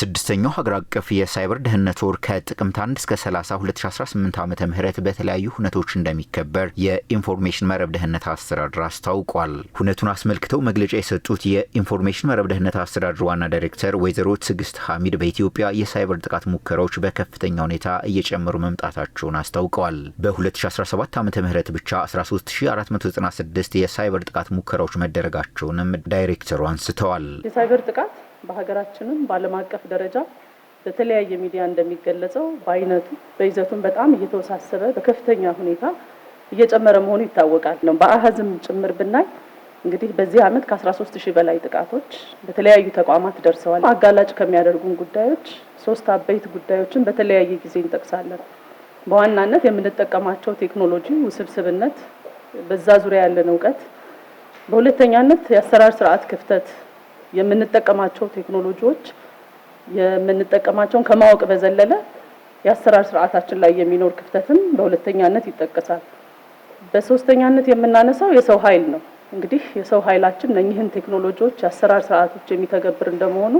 ስድስተኛው ሀገር አቀፍ የሳይበር ደህንነት ወር ከጥቅምት 1 እስከ 30 2018 ዓ ም በተለያዩ ሁነቶች እንደሚከበር የኢንፎርሜሽን መረብ ደህንነት አስተዳደር አስታውቋል። ሁነቱን አስመልክተው መግለጫ የሰጡት የኢንፎርሜሽን መረብ ደህንነት አስተዳደር ዋና ዳይሬክተር ወይዘሮ ትዕግስት ሐሚድ በኢትዮጵያ የሳይበር ጥቃት ሙከራዎች በከፍተኛ ሁኔታ እየጨመሩ መምጣታቸውን አስታውቀዋል። በ2017 ዓ ም ብቻ 13496 የሳይበር ጥቃት ሙከራዎች መደረጋቸውንም ዳይሬክተሩ አንስተዋል። የሳይበር ጥቃት በሀገራችንም በዓለም አቀፍ ደረጃ በተለያየ ሚዲያ እንደሚገለጸው በአይነቱ በይዘቱም በጣም እየተወሳሰበ በከፍተኛ ሁኔታ እየጨመረ መሆኑ ይታወቃል ነው። በአሀዝም ጭምር ብናይ እንግዲህ በዚህ ዓመት ከ13 ሺህ በላይ ጥቃቶች በተለያዩ ተቋማት ደርሰዋል። አጋላጭ ከሚያደርጉን ጉዳዮች ሶስት አበይት ጉዳዮችን በተለያየ ጊዜ እንጠቅሳለን። በዋናነት የምንጠቀማቸው ቴክኖሎጂ ውስብስብነት፣ በዛ ዙሪያ ያለን እውቀት፣ በሁለተኛነት የአሰራር ስርዓት ክፍተት የምንጠቀማቸው ቴክኖሎጂዎች የምንጠቀማቸውን ከማወቅ በዘለለ የአሰራር ስርዓታችን ላይ የሚኖር ክፍተትም በሁለተኛነት ይጠቀሳል። በሶስተኛነት የምናነሳው የሰው ኃይል ነው። እንግዲህ የሰው ኃይላችን እነኚህን ቴክኖሎጂዎች የአሰራር ስርዓቶች የሚተገብር እንደመሆኑ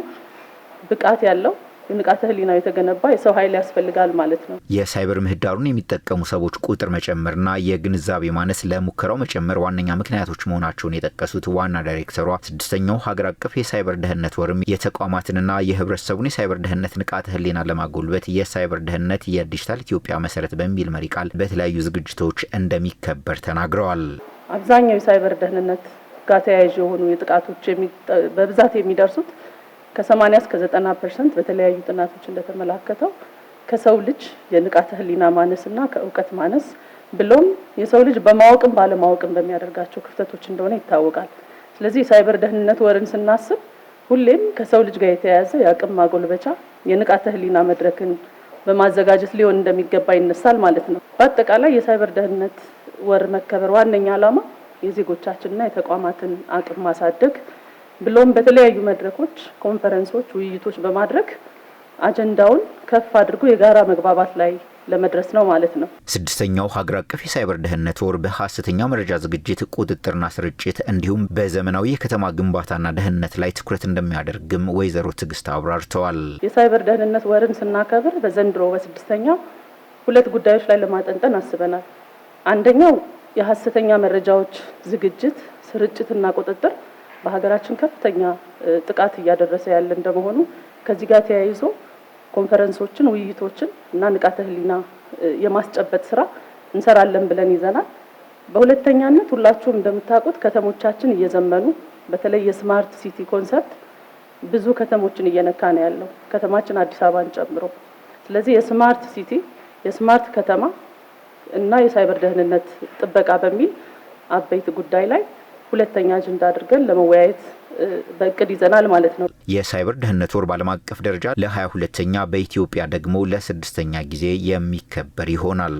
ብቃት ያለው ንቃተ ህሊናው የተገነባ የሰው ኃይል ያስፈልጋል ማለት ነው። የሳይበር ምህዳሩን የሚጠቀሙ ሰዎች ቁጥር መጨመርና የግንዛቤ ማነስ ለሙከራው መጨመር ዋነኛ ምክንያቶች መሆናቸውን የጠቀሱት ዋና ዳይሬክተሯ ስድስተኛው ሀገር አቀፍ የሳይበር ደህንነት ወርም የተቋማትንና የህብረተሰቡን የሳይበር ደህንነት ንቃተ ህሊና ለማጎልበት የሳይበር ደህንነት የዲጂታል ኢትዮጵያ መሰረት በሚል መሪ ቃል በተለያዩ ዝግጅቶች እንደሚከበር ተናግረዋል። አብዛኛው የሳይበር ደህንነት ጋር ተያያዥ የሆኑ የጥቃቶች በብዛት የሚደርሱት ከ80 እስከ 90 ፐርሰንት በተለያዩ ጥናቶች እንደተመላከተው ከሰው ልጅ የንቃተ ህሊና ማነስና ከእውቀት ማነስ ብሎም የሰው ልጅ በማወቅም ባለማወቅም በሚያደርጋቸው ክፍተቶች እንደሆነ ይታወቃል። ስለዚህ የሳይበር ደህንነት ወርን ስናስብ ሁሌም ከሰው ልጅ ጋር የተያያዘ የአቅም ማጎልበቻ የንቃተ ህሊና መድረክን በማዘጋጀት ሊሆን እንደሚገባ ይነሳል ማለት ነው። በአጠቃላይ የሳይበር ደህንነት ወር መከበር ዋነኛ ዓላማ የዜጎቻችንና የተቋማትን አቅም ማሳደግ ብሎም በተለያዩ መድረኮች፣ ኮንፈረንሶች፣ ውይይቶች በማድረግ አጀንዳውን ከፍ አድርጎ የጋራ መግባባት ላይ ለመድረስ ነው ማለት ነው። ስድስተኛው ሀገር አቀፍ የሳይበር ደህንነት ወር በሀሰተኛ መረጃ ዝግጅት ቁጥጥርና ስርጭት እንዲሁም በዘመናዊ የከተማ ግንባታና ደህንነት ላይ ትኩረት እንደሚያደርግም ወይዘሮ ትዕግስት አብራርተዋል። የሳይበር ደህንነት ወርን ስናከብር በዘንድሮ በስድስተኛው ሁለት ጉዳዮች ላይ ለማጠንጠን አስበናል። አንደኛው የሀሰተኛ መረጃዎች ዝግጅት ስርጭትና ቁጥጥር በሀገራችን ከፍተኛ ጥቃት እያደረሰ ያለ እንደመሆኑ ከዚህ ጋር ተያይዞ ኮንፈረንሶችን፣ ውይይቶችን እና ንቃተ ህሊና የማስጨበጥ ስራ እንሰራለን ብለን ይዘናል። በሁለተኛነት ሁላችሁም እንደምታውቁት ከተሞቻችን እየዘመኑ በተለይ የስማርት ሲቲ ኮንሰፕት ብዙ ከተሞችን እየነካ ነው ያለው ከተማችን አዲስ አበባን ጨምሮ። ስለዚህ የስማርት ሲቲ የስማርት ከተማ እና የሳይበር ደህንነት ጥበቃ በሚል አበይት ጉዳይ ላይ ሁለተኛ አጀንዳ አድርገን ለመወያየት በእቅድ ይዘናል ማለት ነው። የሳይበር ደህንነት ወር በዓለም አቀፍ ደረጃ ለ22ኛ በኢትዮጵያ ደግሞ ለስድስተኛ ጊዜ የሚከበር ይሆናል።